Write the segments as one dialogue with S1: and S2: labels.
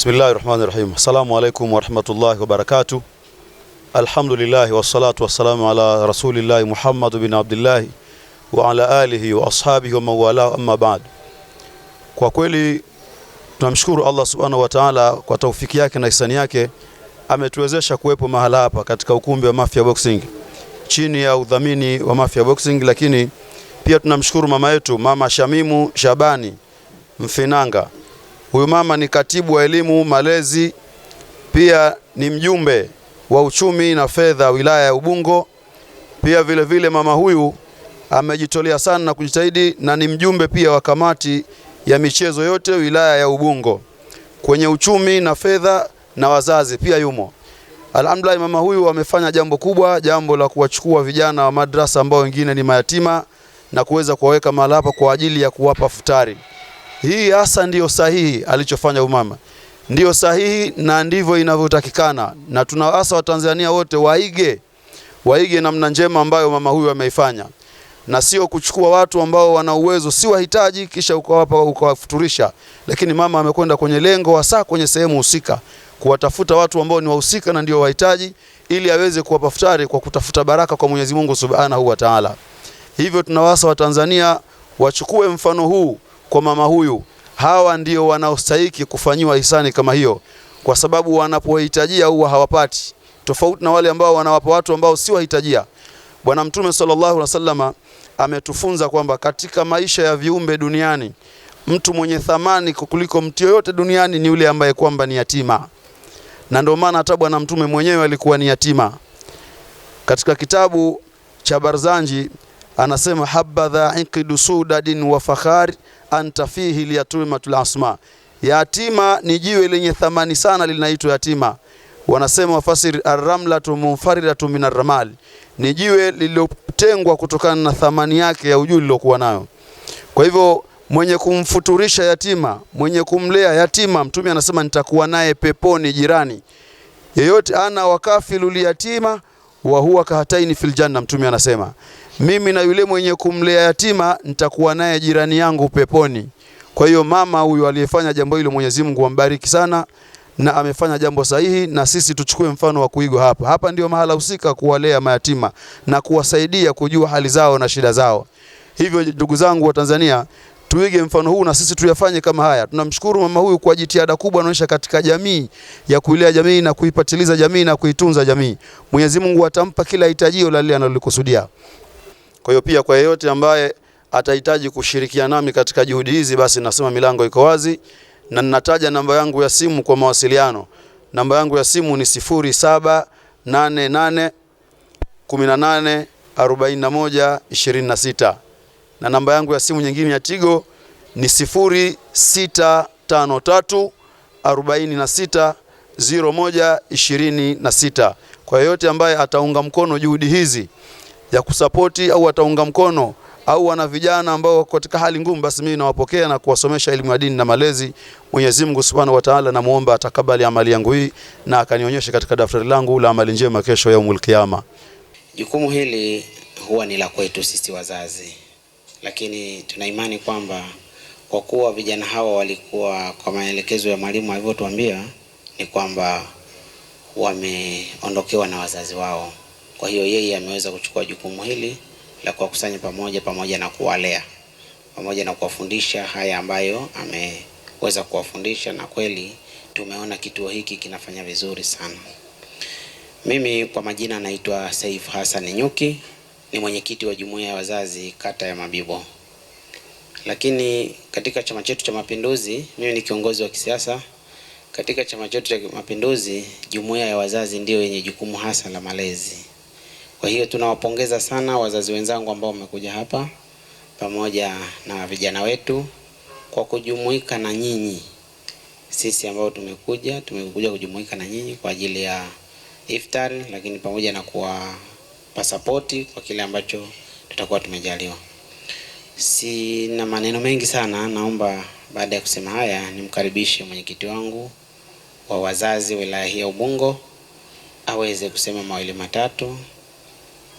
S1: Bismillahir Rahmanir Rahim. Assalamu alaykum wa rahmatullahi wa barakatuh. Alhamdulillah wa wassalamu ala Rasulillah Muhammad bin Abdullah wa ala alihi wa ashabihi wa mawala amma ba'd. Kwa kweli tunamshukuru Allah Subhanahu wa Ta'ala kwa taufiki yake na hisani yake ametuwezesha kuwepo mahala hapa katika ukumbi wa Mafia Boxing chini ya udhamini wa Mafia Boxing, lakini pia tunamshukuru mama yetu Mama Shamimu Shabani Mfinanga Huyu mama ni katibu wa elimu malezi, pia ni mjumbe wa uchumi na fedha wilaya ya Ubungo. Pia vilevile vile mama huyu amejitolea sana na kujitahidi na ni mjumbe pia wa kamati ya michezo yote wilaya ya Ubungo kwenye uchumi na fedha na wazazi pia yumo. Alhamdulillah, mama huyu amefanya jambo kubwa, jambo la kuwachukua vijana wa madrasa ambao wengine ni mayatima na kuweza kuwaweka mahala hapa kwa ajili ya kuwapa futari. Hii hasa ndiyo sahihi alichofanya umama, ndiyo sahihi na ndivyo inavyotakikana, na tunawasa Watanzania wote waige, waige namna njema ambayo mama huyu ameifanya, na sio kuchukua watu ambao wana uwezo si wahitaji, kisha ukawapa ukawafuturisha. Lakini mama amekwenda kwenye lengo hasa kwenye sehemu husika, kuwatafuta watu ambao ni wahusika na ndio wahitaji, ili aweze kuwapa futari kwa kutafuta baraka kwa Mwenyezi Mungu Subhanahu wa Ta'ala. Hivyo tunawasa Watanzania wachukue mfano huu kwa mama huyu. Hawa ndio wanaostahiki kufanyiwa hisani kama hiyo, kwa sababu wanapohitajia huwa hawapati, tofauti na wale ambao wanawapa watu ambao si wahitajia. Bwana Mtume sallallahu alaihi wasallam ametufunza kwamba katika maisha ya viumbe duniani mtu mwenye thamani kuliko mtu yoyote duniani ni yule ambaye kwamba ni yatima, na ndio maana hata Bwana Mtume mwenyewe alikuwa ni yatima. Katika kitabu cha Barzanji anasema habadha inqidu sudadin wa fakhari anta fihi liyatimatul asma. Yatima ni jiwe lenye thamani sana linaitwa yatima. Wanasema wafasir arramlatu munfaridatu min arramal, ni jiwe lililotengwa kutokana na thamani yake ya ujuu lilokuwa nayo. Kwa hivyo mwenye kumfuturisha yatima, mwenye kumlea yatima, Mtume anasema nitakuwa naye peponi jirani. Yeyote ana wakafilu liyatima wa huwa kahataini fil janna, Mtume anasema mimi na yule mwenye kumlea yatima nitakuwa naye jirani yangu peponi. Kwa hiyo mama huyu aliyefanya jambo hilo, Mwenyezi Mungu ambariki sana, na amefanya jambo sahihi, na sisi tuchukue mfano wa kuigwa hapa. Hapa ndio mahala husika kuwalea mayatima na kuwasaidia kujua hali zao na shida zao. Hivyo ndugu zangu wa Tanzania, tuige mfano huu na sisi tuyafanye kama haya. Tunamshukuru mama huyu kwa jitihada kubwa anaonyesha katika jamii ya kuilea jamii na kuipatiliza jamii na kuitunza jamii. Mwenyezi Mungu atampa kila hitajio la lile analokusudia. Kwa hiyo pia kwa yeyote ambaye atahitaji kushirikiana nami katika juhudi hizi, basi nasema milango iko wazi, na ninataja namba yangu ya simu kwa mawasiliano. Namba yangu ya simu ni 0788 18 41 26 na namba yangu ya simu nyingine ya Tigo ni 0653 46 01 26. Kwa yeyote ambaye ataunga mkono juhudi hizi ya kusapoti au wataunga mkono au wana vijana ambao wako katika hali ngumu, basi mimi nawapokea na kuwasomesha elimu ya dini na malezi. Mwenyezi Mungu Subhanahu wa Ta'ala, namuomba atakabali amali yangu hii na akanionyeshe katika daftari langu la amali njema kesho umul kiyama.
S2: Jukumu hili huwa ni la kwetu sisi wazazi, lakini tuna imani kwamba kwa kuwa vijana hawa walikuwa kwa maelekezo ya mwalimu alivyotuambia, ni kwamba wameondokewa na wazazi wao kwa hiyo yeye ameweza kuchukua jukumu hili la kuwakusanya pamoja, pamoja na kuwalea, pamoja na kuwafundisha haya ambayo ameweza kuwafundisha, na kweli tumeona kituo hiki kinafanya vizuri sana. Mimi kwa majina naitwa Saif Hassan Nyuki, ni mwenyekiti wa jumuiya ya wazazi kata ya Mabibo, lakini katika chama chetu cha Mapinduzi mimi ni kiongozi wa kisiasa katika chama chetu cha Mapinduzi. Jumuiya ya wazazi ndio yenye jukumu hasa la malezi. Kwa hiyo tunawapongeza sana wazazi wenzangu ambao wamekuja hapa pamoja na vijana wetu kwa kujumuika na nyinyi. Sisi ambao tumekuja tumekuja kujumuika na nyinyi kwa ajili ya iftar, lakini pamoja na kuwapa sapoti kwa kile ambacho tutakuwa tumejaliwa. Sina maneno mengi sana, naomba baada ya kusema haya nimkaribishe mwenyekiti wangu wa wazazi wilaya hii ya Ubungo aweze kusema mawili matatu.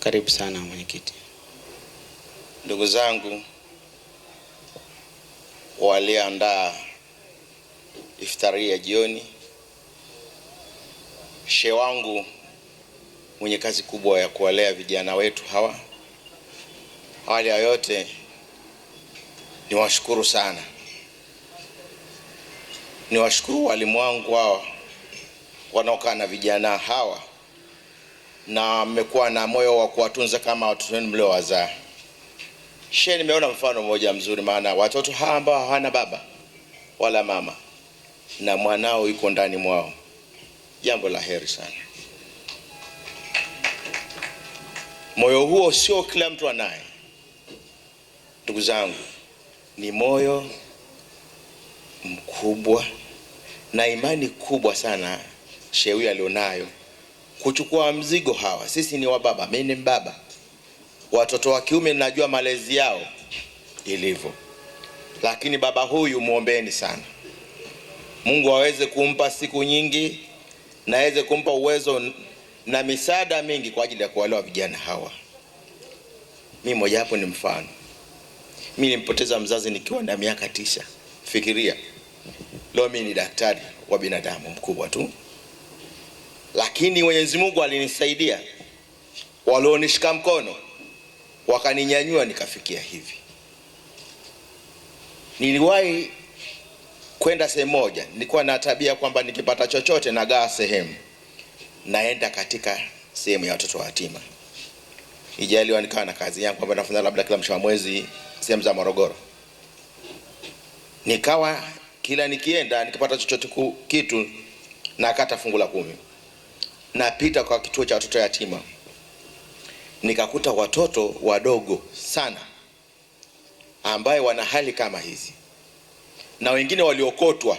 S2: Karibu sana mwenyekiti. Ndugu zangu walioandaa iftari ya jioni, shehe wangu mwenye kazi kubwa ya kuwalea vijana wetu hawa, awali ya yote niwashukuru sana, niwashukuru walimu wangu hawa wanaokaa na vijana hawa na mmekuwa na moyo wa kuwatunza kama watoto wenu mliowazaa. Shehe, nimeona mfano mmoja mzuri, maana watoto hawa ambao hawana baba wala mama na mwanao yuko ndani mwao, jambo la heri sana. Moyo huo sio kila mtu anaye, ndugu zangu, ni moyo mkubwa na imani kubwa sana huyu alionayo kuchukua mzigo hawa. Sisi ni wababa, mimi ni mbaba, watoto wa kiume najua malezi yao ilivyo, lakini baba huyu muombeeni sana Mungu aweze kumpa siku nyingi na aweze kumpa uwezo na misaada mingi kwa ajili ya kuwalewa vijana hawa. Mimi moja hapo ni mfano, mi nimpoteza mzazi nikiwa na miaka tisa. Fikiria leo mimi ni daktari wa binadamu mkubwa tu lakini Mwenyezi Mungu alinisaidia, walionishika mkono wakaninyanyua nikafikia hivi. Niliwahi kwenda sehemu moja, nilikuwa na tabia kwamba nikipata chochote nagawa sehemu, naenda katika sehemu ya watoto yatima. ijaliwa nikawa na kazi yangu kwamba nafanya labda kila mwisho wa mwezi sehemu za Morogoro, nikawa kila nikienda nikipata chochote kitu nakata fungu la kumi napita kwa kituo cha watoto yatima, nikakuta watoto wadogo sana ambaye wana hali kama hizi, na wengine waliokotwa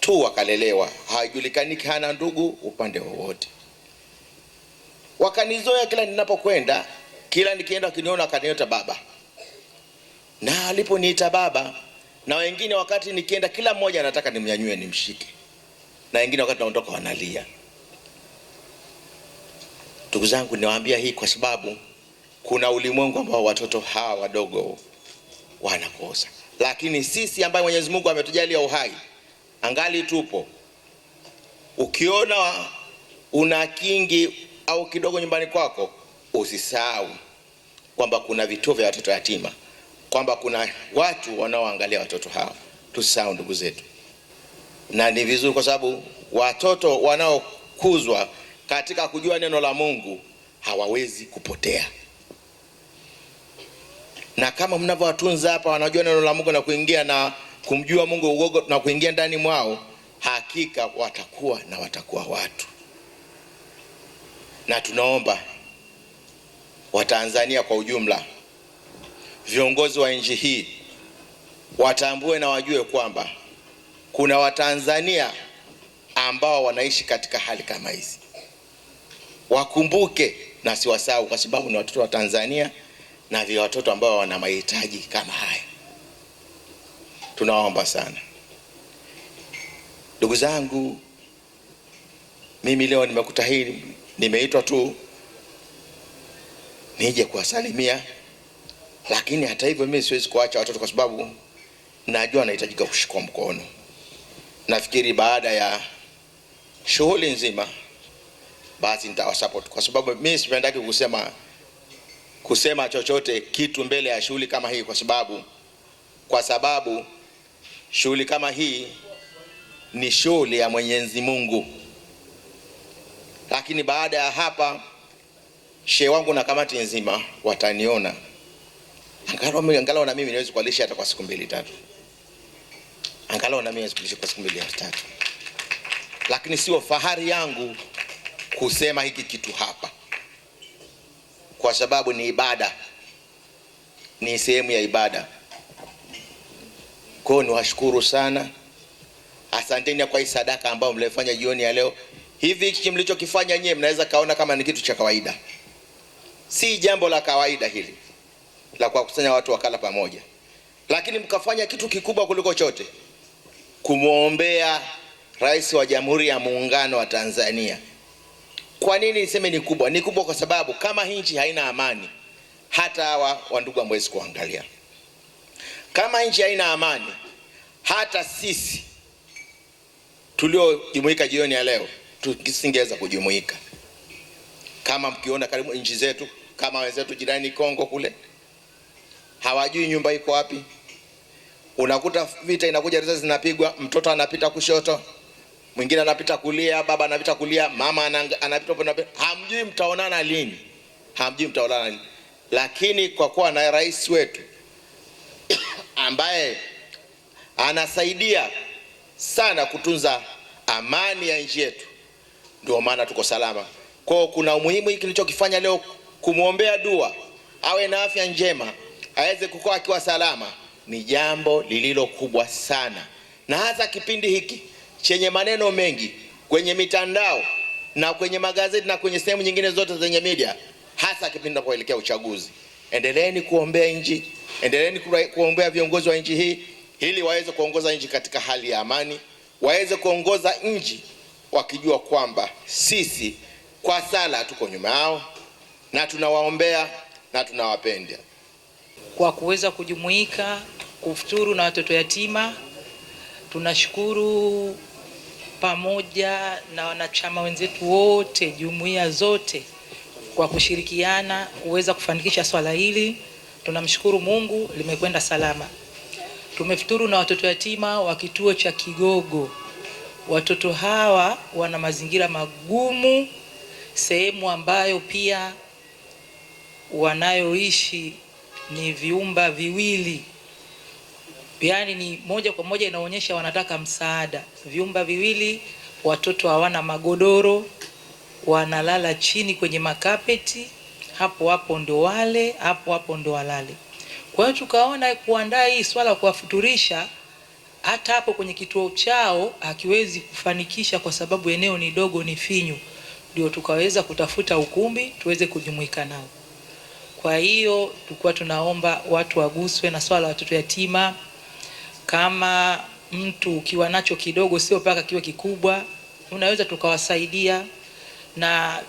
S2: tu wakalelewa, hajulikani hana ndugu upande wowote. Wakanizoea kila ninapokwenda, kila nikienda kiniona akaniita baba, na aliponiita baba, na wengine wakati nikienda, kila mmoja anataka nimnyanyue nimshike, na wengine wakati naondoka wanalia. Ndugu zangu, ninawaambia hii kwa sababu kuna ulimwengu ambao watoto hawa wadogo wanakosa, lakini sisi ambaye Mwenyezi Mungu ametujalia uhai angali tupo, ukiona una kingi au kidogo nyumbani kwako, usisahau kwamba kuna vituo vya watoto yatima, kwamba kuna watu wanaoangalia watoto hawa. Tusisahau ndugu zetu, na ni vizuri kwa sababu watoto wanaokuzwa katika kujua neno la Mungu hawawezi kupotea, na kama mnavyowatunza hapa, wanajua neno la Mungu na kuingia na kumjua Mungu ugogo na kuingia ndani mwao, hakika watakuwa na watakuwa watu, na tunaomba Watanzania kwa ujumla, viongozi wa nchi hii watambue na wajue kwamba kuna Watanzania ambao wanaishi katika hali kama hizi wakumbuke na siwasahau, kwa sababu ni watoto wa Tanzania na vya watoto ambao wana mahitaji kama haya. Tunaomba sana ndugu zangu, mimi leo nimekuta hili, nimeitwa tu nije kuwasalimia, lakini hata hivyo mimi siwezi kuacha watoto, kwa sababu najua anahitajika kushikwa mkono. Nafikiri baada ya shughuli nzima basi nitawasupport, kwa sababu mimi sipendaki kusema kusema chochote kitu mbele ya shughuli kama hii, kwa sababu kwa sababu shughuli kama hii ni shughuli ya Mwenyezi Mungu. Lakini baada ya hapa, shehe wangu na kamati nzima wataniona angalau na mimi niweze kualisha hata kwa siku mbili tatu, angalau na mimi niweze kualisha kwa siku mbili tatu, lakini sio fahari yangu kusema hiki kitu hapa, kwa sababu ni ibada, ni sehemu ya ibada. Kwa hiyo niwashukuru sana, asanteni kwa hii sadaka ambayo mlifanya jioni ya leo. Hivi hiki mlichokifanya nyie, mnaweza kaona kama ni kitu cha kawaida, si jambo la kawaida hili la kuwakusanya watu wakala pamoja, lakini mkafanya kitu kikubwa kuliko chote, kumwombea Rais wa Jamhuri ya Muungano wa Tanzania. Kwa nini niseme ni kubwa? Ni kubwa kwa sababu kama nchi haina amani, hata hawa wandugu hamwezi kuangalia. Kama nchi haina amani, hata sisi tuliojumuika jioni ya leo tusingeweza kujumuika. Kama mkiona karibu nchi zetu kama wenzetu jirani Kongo kule, hawajui nyumba iko wapi. Unakuta vita inakuja, risasi zinapigwa, mtoto anapita kushoto mwingine anapita kulia, baba anapita kulia, mama anapita upande, hamjui mtaonana lini, hamjui mtaonana lini. Lakini kwa kuwa na rais wetu ambaye anasaidia sana kutunza amani ya nchi yetu, ndio maana tuko salama. Kwa kuna umuhimu hiki kilichokifanya leo, kumwombea dua awe na afya njema, aweze kukua akiwa salama, ni jambo lililo kubwa sana, na hasa kipindi hiki chenye maneno mengi kwenye mitandao na kwenye magazeti na kwenye sehemu nyingine zote zenye media, hasa kipindi tunapoelekea uchaguzi. Endeleeni kuombea nchi, endeleeni kuombea viongozi wa nchi hii ili waweze kuongoza nchi katika hali ya amani, waweze kuongoza nchi wakijua kwamba sisi kwa sala tuko nyuma yao na tunawaombea na tunawapenda
S3: kwa kuweza kujumuika kufuturu na watoto yatima. Tunashukuru pamoja na wanachama wenzetu wote, jumuiya zote kwa kushirikiana kuweza kufanikisha swala hili. Tunamshukuru Mungu limekwenda salama. Tumefuturu na watoto yatima wa kituo cha Kigogo. Watoto hawa wana mazingira magumu, sehemu ambayo pia wanayoishi ni viumba viwili yaani ni moja kwa moja inaonyesha wanataka msaada. Vyumba viwili, watoto hawana magodoro, wanalala chini kwenye makapeti, hapo hapo ndo wale, hapo hapo ndo walale. Kwa hiyo tukaona kuandaa hii swala kuwafuturisha hata hapo kwenye kituo chao akiwezi kufanikisha kwa sababu eneo ni dogo, ni finyu, ndio tukaweza kutafuta ukumbi tuweze kujumuika nao. Kwa hiyo tulikuwa tunaomba watu waguswe na swala la watoto yatima. Kama mtu ukiwa nacho kidogo, sio mpaka kiwe kikubwa, unaweza tukawasaidia na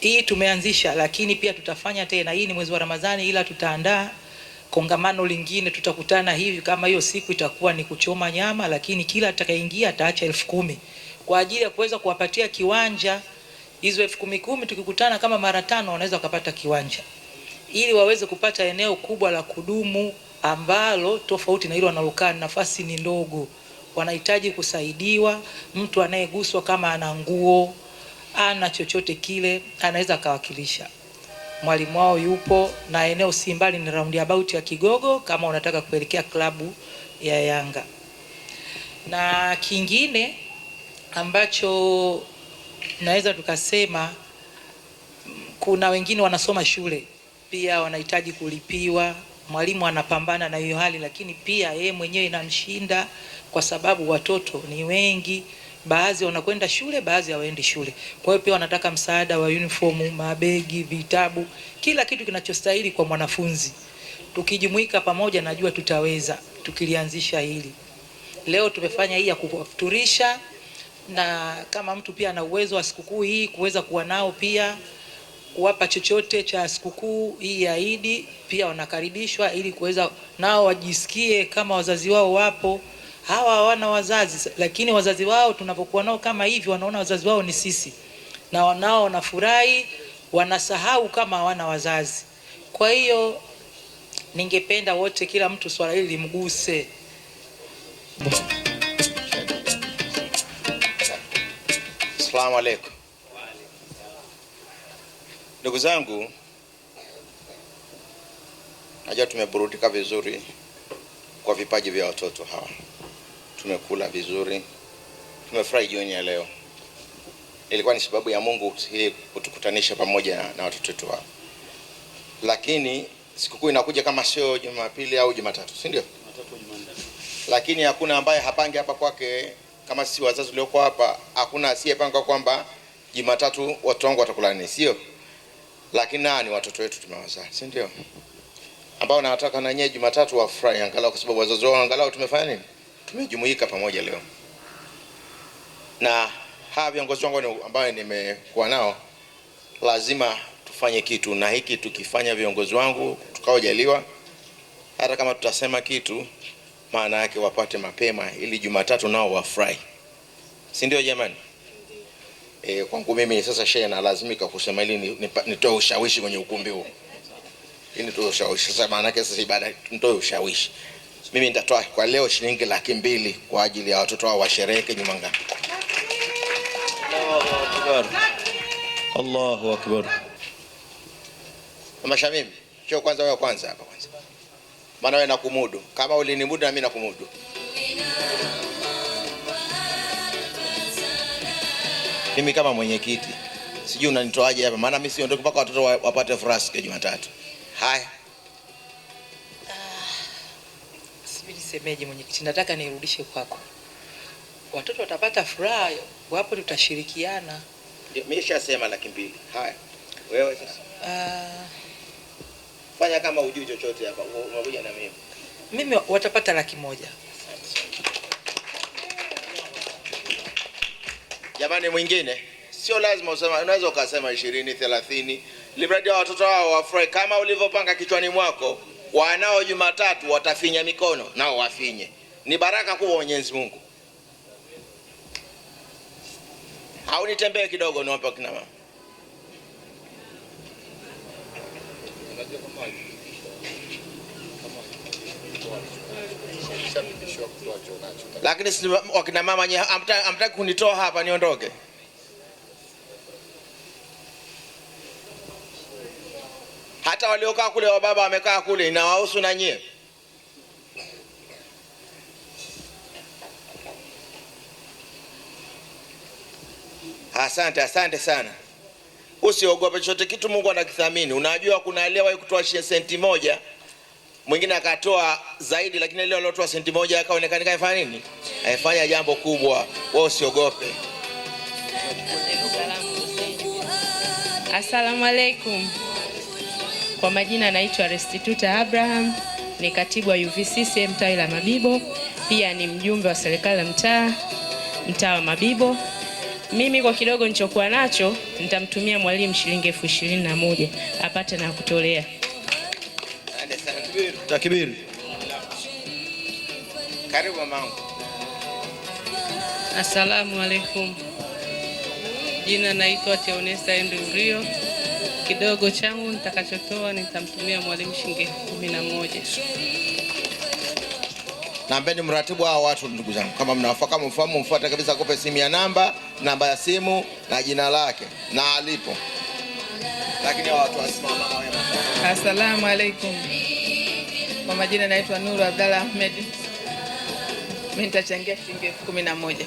S3: hii tumeanzisha, lakini pia tutafanya tena. Hii ni mwezi wa Ramadhani, ila tutaandaa kongamano lingine, tutakutana hivi kama hiyo siku itakuwa ni kuchoma nyama, lakini kila atakayeingia ataacha elfu kumi kwa ajili ya kuweza kuwapatia kiwanja. Hizo elfu kumi kumi tukikutana kama mara tano, wanaweza wakapata kiwanja ili waweze kupata eneo kubwa la kudumu ambalo tofauti na hilo wanalokaa nafasi ni ndogo, wanahitaji kusaidiwa. Mtu anayeguswa kama ana nguo ana chochote kile, anaweza akawakilisha. Mwalimu wao yupo na eneo si mbali, ni about ya Kigogo kama unataka kuelekea klabu ya Yanga. Na kingine ambacho naweza tukasema kuna wengine wanasoma shule pia wanahitaji kulipiwa mwalimu anapambana na hiyo hali, lakini pia yeye mwenyewe inamshinda kwa sababu watoto ni wengi, baadhi wanakwenda shule, baadhi hawaendi shule. Kwa hiyo pia wanataka msaada wa uniform, mabegi, vitabu, kila kitu kinachostahili kwa mwanafunzi. Tukijumuika pamoja, najua tutaweza tukilianzisha hili. Leo tumefanya hii ya kufuturisha, na kama mtu pia ana uwezo wa sikukuu hii kuweza kuwa nao pia kuwapa chochote cha sikukuu hii ya Idi, pia wanakaribishwa ili kuweza nao wajisikie kama wazazi wao wapo. Hawa hawana wazazi, lakini wazazi wao tunapokuwa nao kama hivi, wanaona wazazi wao ni sisi, na nao wanafurahi, wanasahau kama hawana wazazi. Kwa hiyo ningependa wote, kila mtu swala hili limguse.
S2: Asalamu alaykum. Ndugu zangu, najua tumeburudika vizuri kwa vipaji vya watoto hawa, tumekula vizuri, tumefurahi jioni ya leo. Ilikuwa ni sababu ya Mungu hii kutukutanisha pamoja na watoto wetu hawa, lakini sikukuu inakuja kama sio Jumapili au Jumatatu, si ndio? Lakini hakuna ambaye hapange hapa kwake kama sisi wazazi ulioko hapa, hakuna asiyepanga kwamba Jumatatu watoto wangu watakula nini, sio? lakini nani watoto wetu tumewazaa, si ndio? Ambao nawataka na nyewe Jumatatu wafurahi angalau, kwa sababu wazazi wao angalau tumefanya nini, tumejumuika pamoja leo. Na hawa viongozi wangu ambayo nimekuwa nao, lazima tufanye kitu, na hiki tukifanya viongozi wangu tukaojaliwa, hata kama tutasema kitu, maana yake wapate mapema, ili Jumatatu nao wafurahi, si ndio jamani? e, kwangu mimi sasa shehe nalazimika kusema ili nitoe ushawishi kwenye ukumbi huu, ili nitoe ushawishi sasa. Maana yake sasa ibada nitoe ushawishi mimi, nitatoa kwa leo shilingi laki mbili kwa ajili ya watoto wao washereheke
S1: Allahu akbar, Allahu akbar.
S2: Mama Shamimi, cho kwanza wewe kwanza hapa kwanza. Maana wewe nakumudu. Kama ulinimudu na mimi nakumudu. mimi kama mwenyekiti sijui unanitoaje hapa, maana mimi siondoki mpaka watoto wapate furaha siku ya Jumatatu. Haya,
S4: ah, sijui semeje mwenyekiti, nataka nirudishe kwako. Watoto watapata furaha wapo, tutashirikiana.
S2: Mimi laki mbili. Haya, wewe sasa ah. fanya kama ujui chochote hapa, unakuja na mimi
S4: mimi, watapata laki moja.
S2: Jamani, mwingine sio lazima usema, unaweza ukasema ishirini, thelathini, libradi ya watoto wao wafurahi kama ulivyopanga kichwani mwako. Wanao Jumatatu watafinya mikono, nao wafinye. Ni baraka kubwa Mwenyezi Mungu. Au nitembee kidogo niwape kina mama lakini si wakina mama nye hamtaki kunitoa hapa niondoke. Hata waliokaa kule baba wamekaa kule, inawahusu na nyie. Asante, asante sana. Usiogope chochote kitu, Mungu anakithamini. Unajua kuna aliyewahi kutoa senti moja mwingine akatoa zaidi, lakini leo aliotoa senti moja akaonekana kaifanya nini, aifanya jambo kubwa. wao usiogope.
S5: Asalamu alaikum. Kwa majina anaitwa Restituta Abraham, ni katibu wa UVCCM tawi la Mabibo, pia ni mjumbe wa serikali ya mtaa mtaa wa Mabibo. Mimi kwa kidogo nilichokuwa nacho nitamtumia mwalimu shilingi elfu ishirini na moja apate na kutolea Takbir. Takbir.
S6: Karibu mamangu. Asalamu alaikum Jina naitwa Theonesta Ndurio. Kidogo changu nitakachotoa nitamtumia mwalimu shilingi kumi na moja.
S2: Nampeni mratibu hao watu, ndugu zangu, kama mnawafahamu, mfahamu, mfuate kabisa, kope simu ya namba, namba ya simu na jina lake na alipo. Lakini
S7: watu wasimama. Asalamu alaikum. Kwa majina naitwa Nuru Abdalla Ahmed. Mimi nitachangia shilingi elfu kumi na moja.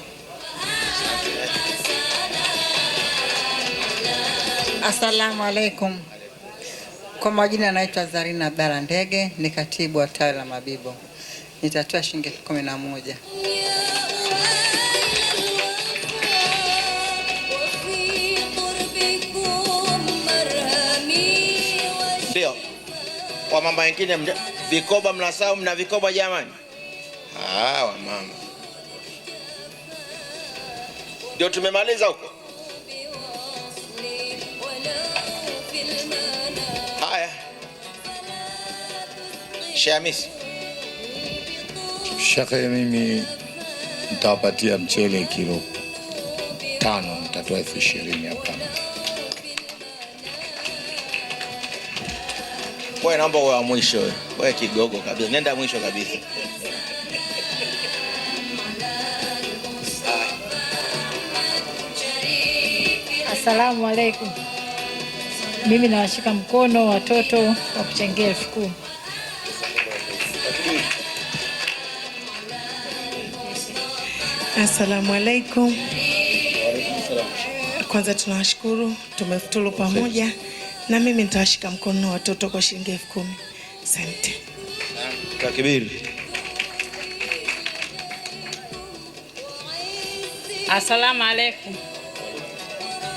S8: Asalamu alaikum. Kwa majina naitwa Zarina Abdalla Ndege, ni katibu wa tawi la Mabibo. Nitatoa shilingi elfu kumi na moja.
S2: Ndio, kwa mambo mengine Vikoba mnasahau, mna vikoba jamani? Hawa mama ndio tumemaliza huko. Haya, Shamis
S9: shaka, mimi nitawapatia mchele kilo tano, nitatoa elfu ishirini hapa.
S2: Wewe naomba uwe wa mwisho wewe. Wewe kigogo kabisa. Nenda mwisho kabisa.
S10: Asalamu alaykum. Mimi nawashika mkono watoto wa kuchangia elfu kumi.
S11: Asalamu alaykum. Kwanza tunawashukuru tumefuturu pamoja na mimi nitawashika mkono watoto kwa shilingi elfu kumi. Asante. Takbiri.
S12: Asalamu alaykum.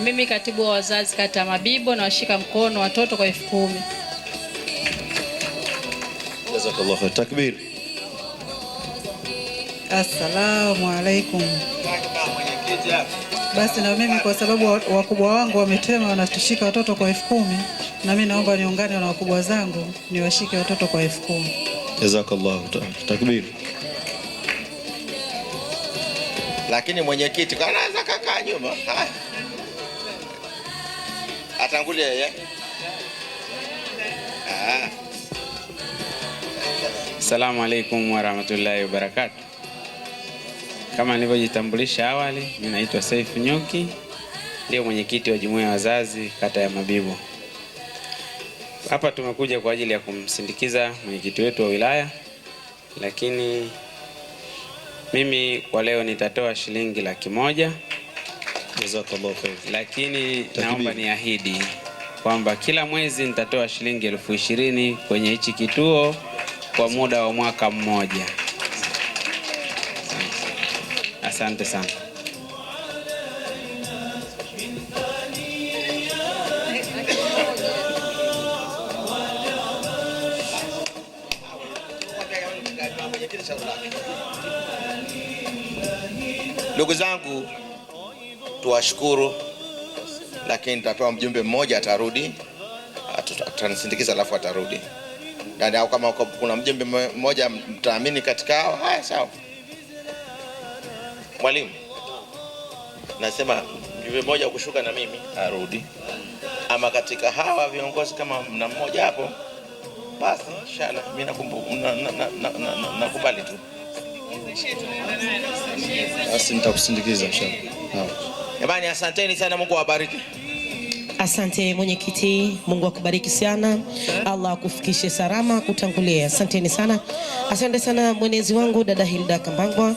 S12: Mimi katibu wa wazazi kata ya Mabibo na washika mkono watoto kwa elfu kumi.
S1: Jazakallahu khair. Takbir.
S13: Asalamu alaykum basi na mimi kwa sababu wakubwa wangu wametema wanatushika watoto kwa elfu kumi na mimi naomba niungane na wakubwa zangu niwashike watoto kwa elfu kumi.
S1: Jazakallahu taala. Takbir.
S2: Lakini mwenyekiti anaweza kakaa nyuma, atangulia yeye.
S14: Salamu alaykum wa rahmatullahi wa barakatuh. Kama nilivyojitambulisha awali, mimi naitwa Saif Nyuki, ndio mwenyekiti wa jumuiya ya wazazi kata ya Mabibo. Hapa tumekuja kwa ajili ya kumsindikiza mwenyekiti wetu wa wilaya, lakini mimi kwa leo nitatoa shilingi laki moja. Lakini naomba niahidi kwamba kila mwezi nitatoa shilingi elfu ishirini kwenye hichi kituo kwa muda wa mwaka mmoja. Asante sana.
S2: Ndugu zangu, tuwashukuru, lakini tutapewa mjumbe mmoja, atarudi atanisindikiza, ah, alafu atarudi. Yaani, au kama kuna mjumbe mmoja mtaamini katika hao, haya sawa. Mwalimu nasema mjumbe mmoja kushuka na mimi arudi, ama katika hawa viongozi kama mna mmoja hapo, basi shana, mimi nakubali tu
S1: basi, nitakusindikiza
S2: jamani. Asanteni sana, Mungu awabariki.
S15: Asante mwenyekiti, Mungu akubariki sana, Allah akufikishe salama kutangulia. Asanteni sana, asante sana mwenezi wangu dada Hilda Kambangwa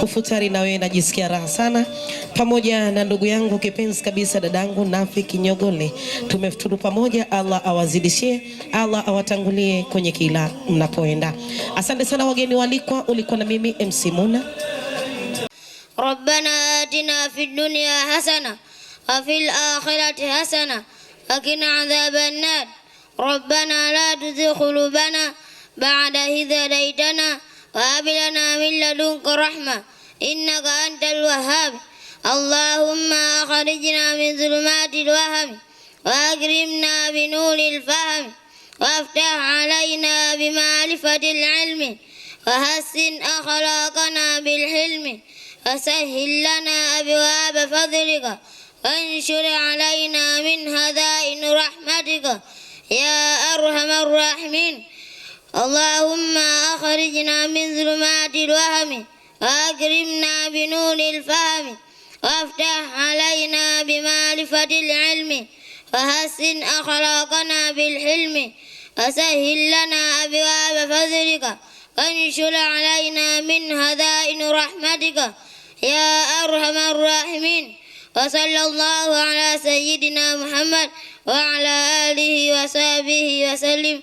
S15: kufutari na wewe najisikia raha sana, pamoja na ndugu yangu kipenzi kabisa dadangu Nafi Kinyogole. Tumefuturu pamoja, Allah awazidishie, Allah awatangulie kwenye kila mnapoenda. Asante sana wageni walikwa, ulikuwa na mimi MC Muna.
S16: Rabbana atina fid dunya hasana wa fil akhirati hasana wa qina adhaban nar. Rabbana la tuzigh qulubana ba'da idh hadaytana وهب لنا من لدنك رحمة إنك أنت الوهاب اللهم أخرجنا من ظلمات الوهم وأكرمنا بنور الفهم وافتح علينا بمعرفة العلم وحسن أخلاقنا بالحلم وسهل لنا أبواب فضلك وانشر علينا من هدائن رحمتك يا أرحم الراحمين اللهم أخرجنا من ظلمات الوهم وأكرمنا بنور الفهم وافتح علينا بمعرفة العلم وحسن أخلاقنا بالحلم وسهل لنا أبواب فضلك وانشر علينا من هدائن رحمتك يا أرحم الراحمين وصلى الله على سيدنا محمد وعلى آله وصحبه وسلم